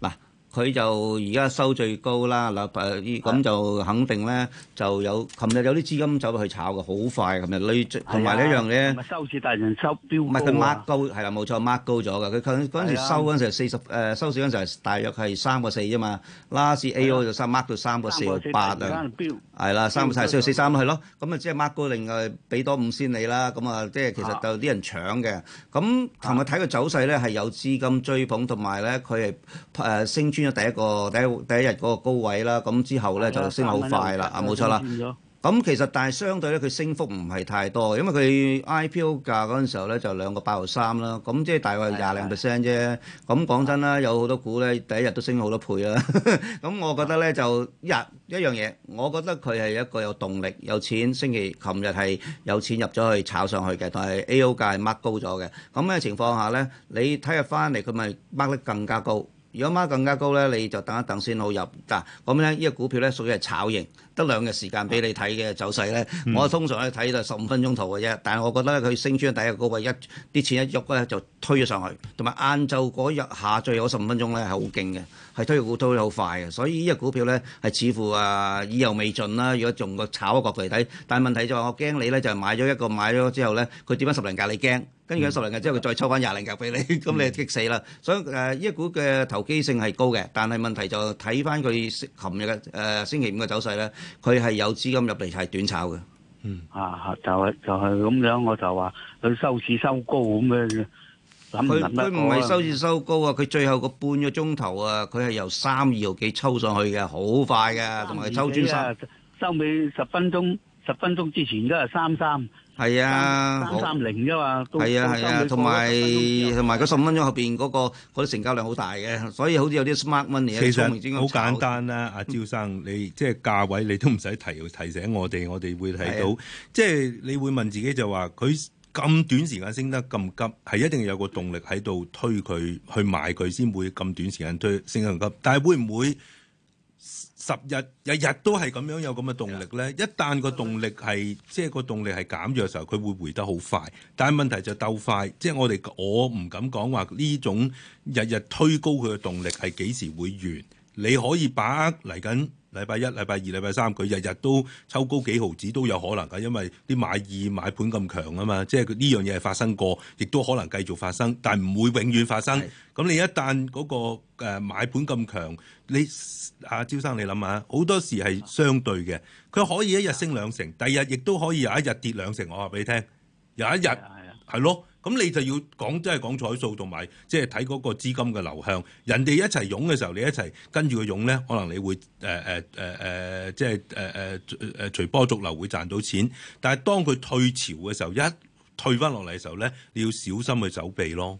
嗱、啊。佢就而家收最高啦，嗱誒，咁就肯定咧，就有琴日有啲資金走落去炒嘅，好快。琴日累同埋一樣嘅，收市大成收標，唔係佢 mark 高，係啦，冇錯，mark 高咗嘅。佢嗰陣時收嗰陣時係四十誒，收市嗰陣時係大約係三個四啫嘛。last A O 就三 mark 到三個四八啊，係啦，三個四係四四三係咯。咁啊，即係 mark 高另外俾多五仙你啦。咁啊，即係其實就啲人搶嘅。咁琴日睇個走勢咧係有資金追捧，同埋咧佢係誒升穿咗第一個第一第一日嗰個高位啦，咁之後咧就升得好快啦，啊冇錯啦。咁其實但係相對咧，佢升幅唔係太多，因為佢 IPO 價嗰陣時候咧就兩個八毫三啦，咁即係大概廿零 percent 啫。咁講真啦，有好多股咧第一日都升好多倍啦。咁我覺得咧就一一樣嘢，我覺得佢係一個有動力、有錢。星期琴日係有錢入咗去炒上去嘅，但係 A.O. 價係掹高咗嘅。咁咩情況下咧，你聽日翻嚟佢咪掹得更加高？如果孖更加高咧，你就等一等先好入。嗱，咁咧依個股票咧屬於係炒型，得兩日時間俾你睇嘅走勢咧。嗯、我通常去睇都係十五分鐘圖嘅啫。但係我覺得咧佢升穿第一個高位一啲錢一喐咧就推咗上去，同埋晏晝嗰日下最後十五分鐘咧係好勁嘅，係推嘅股推得好快嘅。所以呢個股票咧係似乎啊意猶未盡啦。如果仲個炒一個嚟睇，但係問題就係我驚你咧就係、是、買咗一個買咗之後咧，佢跌翻十零格你驚。跟住十零日之後，佢再抽翻廿零日俾你，咁你就激死啦！所以誒，依股嘅投機性係高嘅，但係問題就睇翻佢琴日誒星期五嘅走勢咧，佢係有資金入嚟係短炒嘅。嗯啊，就係就係咁樣，我就話佢收市收高咁樣嘅。佢佢唔係收市收高啊！佢最後個半個鐘頭啊，佢係由三二號幾抽上去嘅，好快㗎，同埋抽轉三收尾十分鐘，十分鐘之前都係三三。係啊，三三零啫嘛，係啊，係啊，同埋同埋嗰十五分鐘後邊嗰、那個嗰啲、那個、成交量好大嘅，所以好似有啲 smart money。其實好簡單啦、啊，阿招、嗯啊、生，你即係價位你都唔使提，提醒我哋，我哋會睇到。啊、即係你會問自己就話，佢咁短時間升得咁急，係一定有個動力喺度推佢去買佢，先會咁短時間推升得咁急。但係會唔會？十日日日都係咁樣有咁嘅動力咧。一旦個動力係即係，個動力係減弱嘅時候，佢會回得好快。但係問題就鬥快，即係我哋我唔敢講話呢種日日推高佢嘅動力係幾時會完，你可以把握嚟緊。禮拜一、禮拜二、禮拜三，佢日日都抽高幾毫子都有可能噶，因為啲買意買盤咁強啊嘛，即係呢樣嘢係發生過，亦都可能繼續發生，但唔會永遠發生。咁你一旦嗰個誒買盤咁強，你阿招生你諗下，好多時係相對嘅，佢可以一日升兩成，第二日亦都可以有一日跌兩成。我話俾你聽，有一日係咯。咁你就要講，即係講彩數同埋，即係睇嗰個資金嘅流向。人哋一齊湧嘅時候，你一齊跟住佢湧咧，可能你會誒誒誒誒，即係誒誒誒誒，隨、呃呃呃呃呃呃、波逐流會賺到錢。但係當佢退潮嘅時候，一退翻落嚟嘅時候咧，你要小心去走避咯。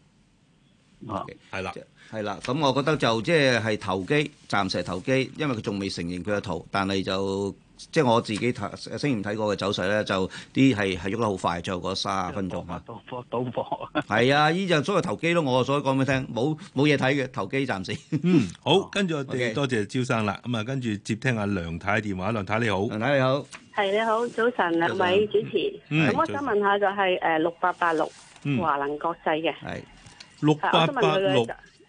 啊 Okay. 了，係啦，係啦。咁、嗯、我覺得就係、即係係投機，暫時係投機，因為佢仲未承認佢係圖，但係就。即係我自己睇，雖然睇過嘅走勢咧，就啲係係喐得好快，最後嗰三十分鐘啊。賭博，賭博啊！係啊，依隻所謂投機咯。我所講俾你聽，冇冇嘢睇嘅，投機暫時。嗯，好，跟住我哋多謝招生啦。咁啊，跟住接聽阿梁太電話。梁太你好，梁太你好，係你好，早晨啊，兩位主持。咁我想問下就係誒六八八六華能國際嘅係六八八六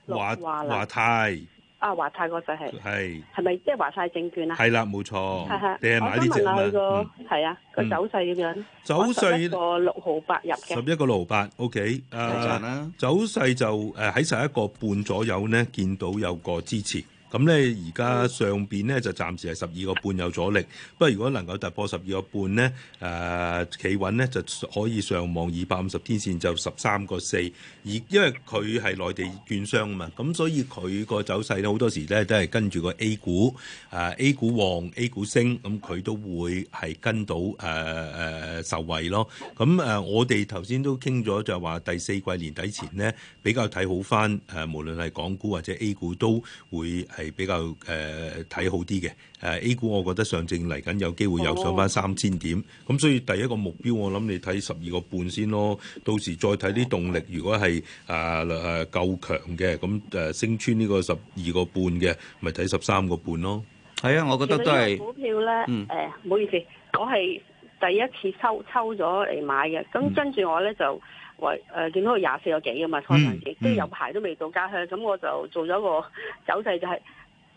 華華泰。啊，華泰嗰就係係係咪即係華泰證券啊？係啦，冇錯。定係買呢隻啊？係啊，個走勢咁樣。走勢十一個六毫八入嘅。十一個六毫八，OK。啊，走勢就誒喺十一個半左右呢，見到有個支持。咁咧，而家上邊咧就暫時係十二個半有阻力。不過如果能夠突破十二個半咧，誒企穩咧就可以上望二百五十天線，就十三個四。而因為佢係內地券商啊嘛，咁所以佢個走勢咧好多時咧都係跟住個 A 股，誒、呃、A 股旺 A 股升，咁、呃、佢都會係跟到誒誒、呃、受惠咯。咁、呃、誒，我哋頭先都傾咗就係話第四季年底前咧比較睇好翻，誒、呃、無論係港股或者 A 股都會係。係比較誒睇，呃、好啲嘅誒 A 股，我覺得上證嚟緊有機會又上翻三千點，咁、oh. 所以第一個目標我諗你睇十二個半先咯，到時再睇啲動力，如果係誒誒夠強嘅，咁、呃、誒、呃呃、升穿呢個十二個半嘅，咪睇十三個半咯。係啊，我覺得都係。股票咧，誒、嗯、唔、呃、好意思，我係第一次抽抽咗嚟買嘅，咁跟住我咧就。嗯喂，誒見到佢廿四個幾嘅嘛，拖上去，跟住有排都未到家鄉，咁我就做咗個走勢，就係、是、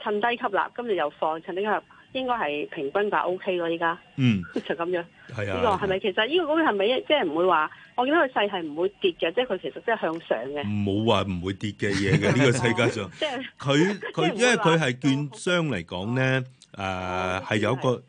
趁低吸啦。今日又放，趁低吸，應該係平均價 O K 咯，依、OK、家嗯，就咁樣。係啊，呢個係咪其實呢個咁樣係咪即係唔會話、就是？我見到佢勢係唔會跌嘅，即係佢其實即係向上嘅。冇話唔會跌嘅嘢嘅呢個世界上，即係佢佢因為佢係券商嚟講咧。嗯嗯誒係有個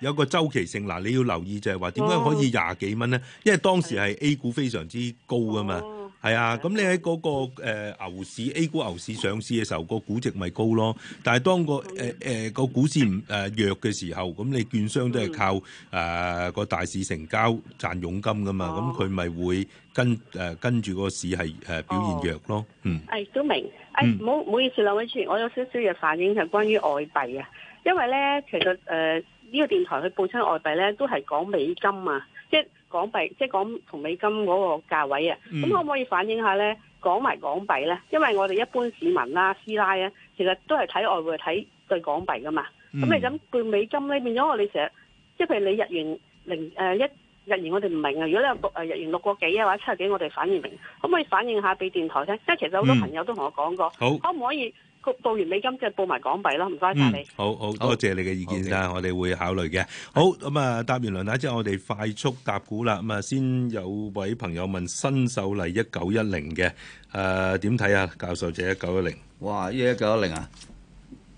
有個週期性嗱，你要留意就係話點解可以廿幾蚊咧？因為當時係 A 股非常之高啊嘛，係啊，咁你喺嗰個誒牛市 A 股牛市上市嘅時候，個估值咪高咯？但係當個誒誒個股市唔誒弱嘅時候，咁你券商都係靠誒個大市成交賺佣金噶嘛，咁佢咪會跟誒跟住個市係誒表現弱咯？嗯，誒都明，誒唔好唔好意思啦，兩位我有少少嘅反應係關於外幣啊。因為咧，其實誒呢、呃這個電台佢報出外幣咧，都係講美金啊，即係港幣，即係講同美金嗰個價位啊。咁、嗯、可唔可以反映下咧？講埋港幣咧，因為我哋一般市民啦、啊、師奶啊，其實都係睇外匯睇對港幣噶嘛。咁你諗對美金咧變咗我哋成日，即係譬如你日元零誒、呃、一日元，我哋唔明啊。如果你日元六個幾啊，或者七個幾，我哋反而明。可唔可以反映下俾電台聽？因為其實好多朋友都同我講過，嗯、可唔可以？報完美金即係報埋港幣啦，唔該晒你。好，好多謝你嘅意見啊，我哋會考慮嘅。好，咁啊，答完論壇之後，我哋快速答股啦。咁啊，先有位朋友問新秀麗一九一零嘅，誒點睇啊？教授姐一九一零。哇！呢一九一零啊？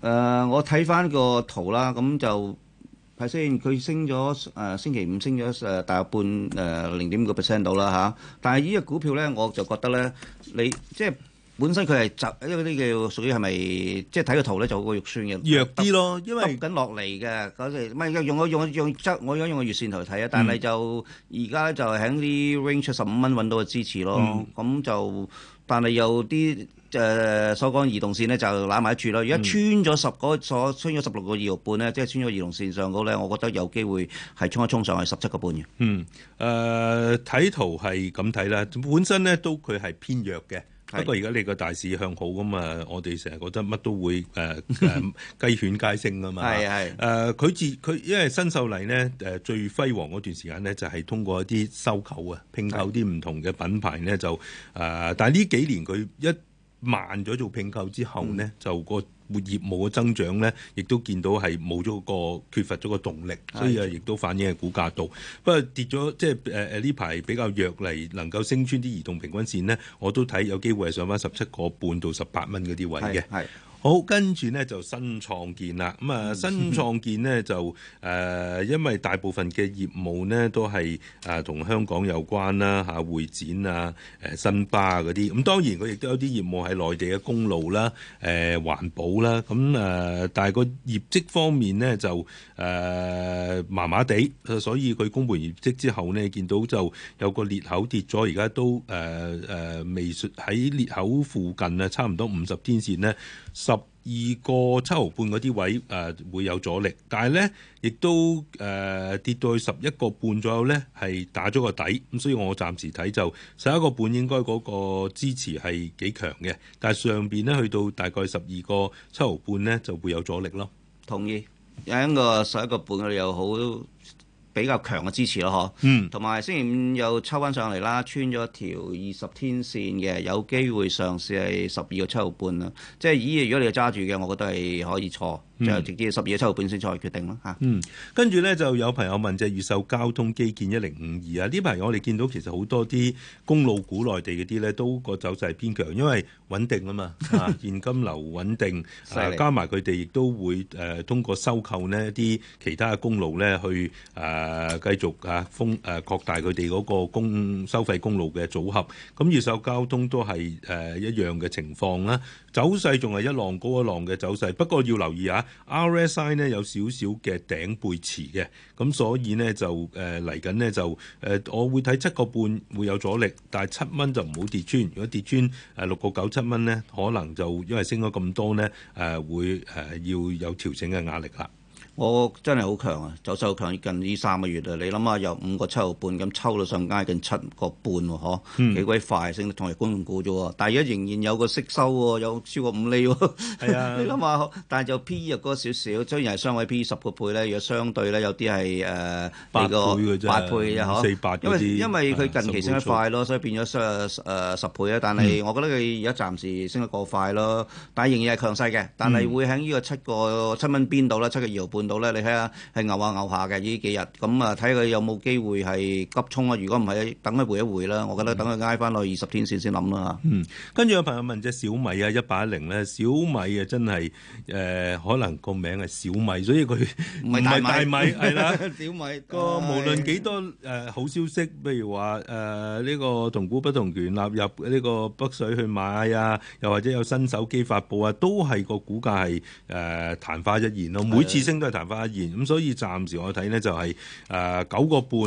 誒，我睇翻個圖啦，咁就睇先，佢升咗誒星期五升咗誒大半誒零點五個 percent 到啦吓。但係呢隻股票咧，我就覺得咧，你即係。本身佢係集，因為嗰啲叫屬於係咪即係睇個圖咧，就個肉酸嘅弱啲咯，因為落緊落嚟嘅嗰啲，唔係用我用我用則，我用用個月線圖睇啊。但係就而家、嗯、就喺呢 range 十五蚊揾到個支持咯。咁、嗯、就但係有啲誒、呃、所講移動線咧，就攬埋一住咯。而家、嗯、穿咗十個所穿咗十六個二六半咧，即係穿咗移動線上嗰咧，我覺得有機會係衝一衝上去十七個半嘅。嗯，誒、呃、睇圖係咁睇啦，本身咧都佢係偏弱嘅。是不過而家你個大市向好咁啊，我哋成日覺得乜都會誒誒、呃、雞犬皆勝啊嘛，係係誒佢自佢因為新秀麗咧誒最輝煌嗰段時間咧就係、是、通過一啲收購啊，併購啲唔同嘅品牌咧就誒、呃，但係呢幾年佢一慢咗做併購之後咧、嗯、就個。活業務嘅增長咧，亦都見到係冇咗個缺乏咗個動力，所以啊，亦都反映喺股價度。不過跌咗即係誒誒呢排比較弱嚟，能夠升穿啲移動平均線咧，我都睇有機會係上返十七個半到十八蚊嗰啲位嘅。係。好，跟住呢就新創建啦。咁啊，新創建呢就誒、呃，因為大部分嘅業務呢都係誒同香港有關啦，嚇、啊、會展啊、誒、呃、新巴嗰啲。咁當然佢亦都有啲業務喺內地嘅公路啦、誒、呃、環保啦。咁、呃、啊，但係個業績方面呢，就誒麻麻地，所以佢公布業績之後呢，見到就有個裂口跌咗，而家都誒誒未說喺裂口附近啊，差唔多五十天線呢。二個七毫半嗰啲位，誒會有阻力，但係呢亦都誒跌到去十一個半左右呢，係打咗個底，咁所以我暫時睇就十一個半應該嗰個支持係幾強嘅，但係上邊呢，去到大概十二個七毫半呢，就會有阻力咯。同意，有一個十一個半嘅又好。比較強嘅支持咯，嗬、嗯，同埋星期五又抽翻上嚟啦，穿咗一條二十天線嘅，有機會嘗試係十二個七號半啦。即係咦，如果你係揸住嘅，我覺得係可以錯。就直接十二月七號半先再決定咯嚇。嗯，跟住咧就有朋友問就係越秀交通基建一零五二啊！呢排我哋見到其實好多啲公路股內地嗰啲咧都個走勢偏強，因為穩定嘛啊嘛嚇，現金流穩定，啊、加埋佢哋亦都會誒、呃、通過收購咧啲其他嘅公路咧去誒、呃、繼續誒、啊啊、擴大佢哋嗰個公收費公路嘅組合。咁、嗯、越秀交通都係誒、呃、一樣嘅情況啦、啊，走勢仲係一浪高一浪嘅走勢，不過要留意嚇、啊。RSI 呢有少少嘅頂背馳嘅，咁所以呢就誒嚟緊呢就誒、呃，我會睇七個半會有阻力，但係七蚊就唔好跌穿，如果跌穿誒六個九七蚊呢，可能就因為升咗咁多呢，誒、呃，會誒、呃、要有調整嘅壓力啦。我真係好強啊！走勢好強，近呢三個月啊！你諗下，由五個七毫半咁抽到上街近七個半喎，嗬？幾鬼快，升得同日觀紅股啫喎。但係而家仍然有個息收喎，有超過五厘喎。係啊！ 你諗下，但係就 P E 又高少少，雖然係雙位 PE 十個倍咧，又相對咧有啲係誒八倍啊。啫，四因為因為佢近期升得快咯，所以變咗誒十倍啊！但係我覺得佢而家暫時升得過快咯，但係仍然係強勢嘅。但係會喺呢個七個七蚊邊度啦？七個二毫半。到咧，你睇下係牛下牛下嘅呢幾日，咁啊睇佢有冇機會係急衝啊？如果唔係，等佢回一回啦。我覺得等佢挨翻落二十天線先諗啦。嗯，跟住有朋友問隻小米啊，一百一零咧，小米啊真係誒，可能個名係小米，所以佢唔係大米係啦，小米個無論幾多誒好消息，譬如話誒呢個同股不同權納入呢個北水去買啊，又或者有新手機發布啊，都係個股價係誒曇花一現咯，每次升都係。曇花一現，咁所以暫時我睇呢，就係誒九個半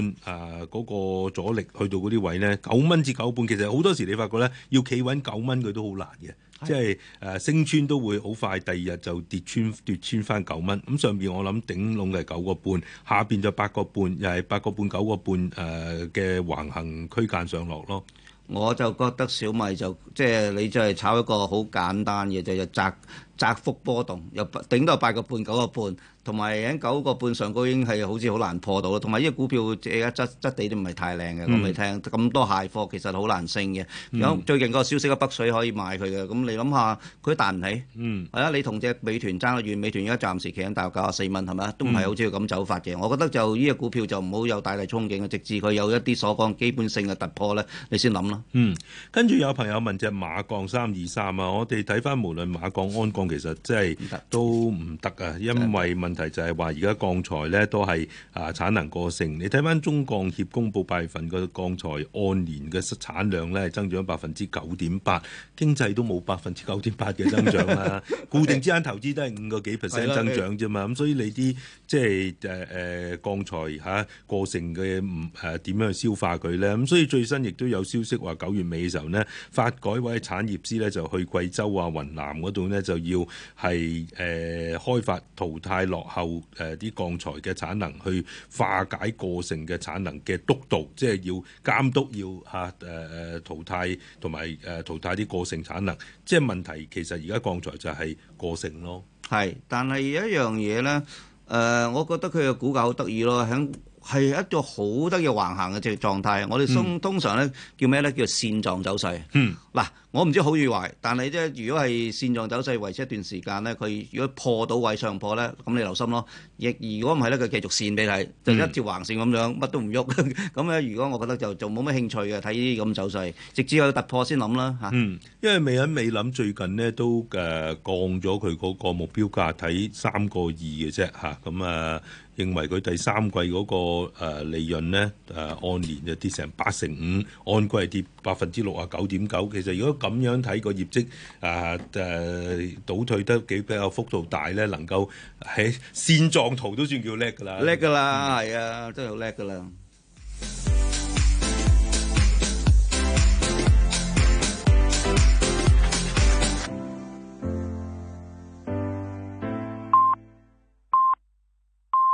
誒嗰個阻力去到嗰啲位呢，九蚊至九半，其實好多時你發覺呢，要企穩九蚊佢都好難嘅，即係誒升穿都會好快，第二日就跌穿跌穿翻九蚊。咁上邊我諗頂籠係九個半，下邊就八個半，又係八個半九個半誒嘅橫行區間上落咯。我就覺得小米就即係你即係炒一個好簡單嘅，就係窄。窄幅波動，又頂多八個半、九個半，同埋喺九個半上高已經係好似好難破到啦。同埋呢個股票，而家質質地都唔係太靚嘅，講俾你聽。咁多蟹貨其實好難升嘅。嗯、有最近個消息個北水可以買佢嘅，咁你諗下佢都彈唔起。係啊、嗯哎，你同隻美團爭啊，原美團而家暫時企緊大約九十四蚊，係咪啊？都唔係好似要咁走法嘅。我覺得就呢個股票就唔好有大大憧憬嘅，直至佢有一啲所講基本性嘅突破咧，你先諗啦。嗯，跟住有朋友問隻馬鋼三二三啊，我哋睇翻無論馬鋼、鞍鋼。其實即係都唔得啊，行因為問題就係話而家鋼材咧都係啊產能過剩。你睇翻中鋼協公佈八月份嘅鋼材按年嘅產量咧增長百分之九點八，經濟都冇百分之九點八嘅增長啦，固定資產投資都係五個幾 percent 增長啫嘛。咁所以你啲即係誒誒鋼材吓過剩嘅唔誒，點樣去消化佢咧？咁所以最新亦都有消息話九月尾嘅時候咧，發改委產業司咧就去貴州啊、雲南嗰度咧就要。係，誒、呃，開發淘汰落後誒啲鋼材嘅產能，去化解過剩嘅產能嘅督導，即係要監督，要吓誒誒淘汰同埋誒淘汰啲過剩產能。即係、啊呃呃、問題。其實而家鋼材就係過剩咯。係，但係有一樣嘢咧，誒、呃，我覺得佢嘅股價好得意咯，響。係一個好得意橫行嘅只狀態，我哋通通常咧叫咩咧？叫線狀走勢。嗱，我唔知好與壞，但係即係如果係線狀走勢維持一段時間咧，佢如果破到位上破咧，咁你留心咯。亦如果唔係咧，佢繼續線俾你，就一條橫線咁樣，乜都唔喐。咁咧，如果我覺得就就冇乜興趣嘅睇呢啲咁走勢，直至有突破先諗啦嚇。因為美銀美林最近咧都誒降咗佢嗰個目標價，睇三個二嘅啫嚇，咁啊。認為佢第三季嗰個利潤咧誒、啊、按年就跌成八成五，按季跌百分之六啊九點九。其實如果咁樣睇個業績誒誒、啊啊、倒退得幾比較幅度大咧，能夠喺線狀圖都算叫叻㗎啦，叻㗎啦，係、嗯、啊，真係好叻㗎啦。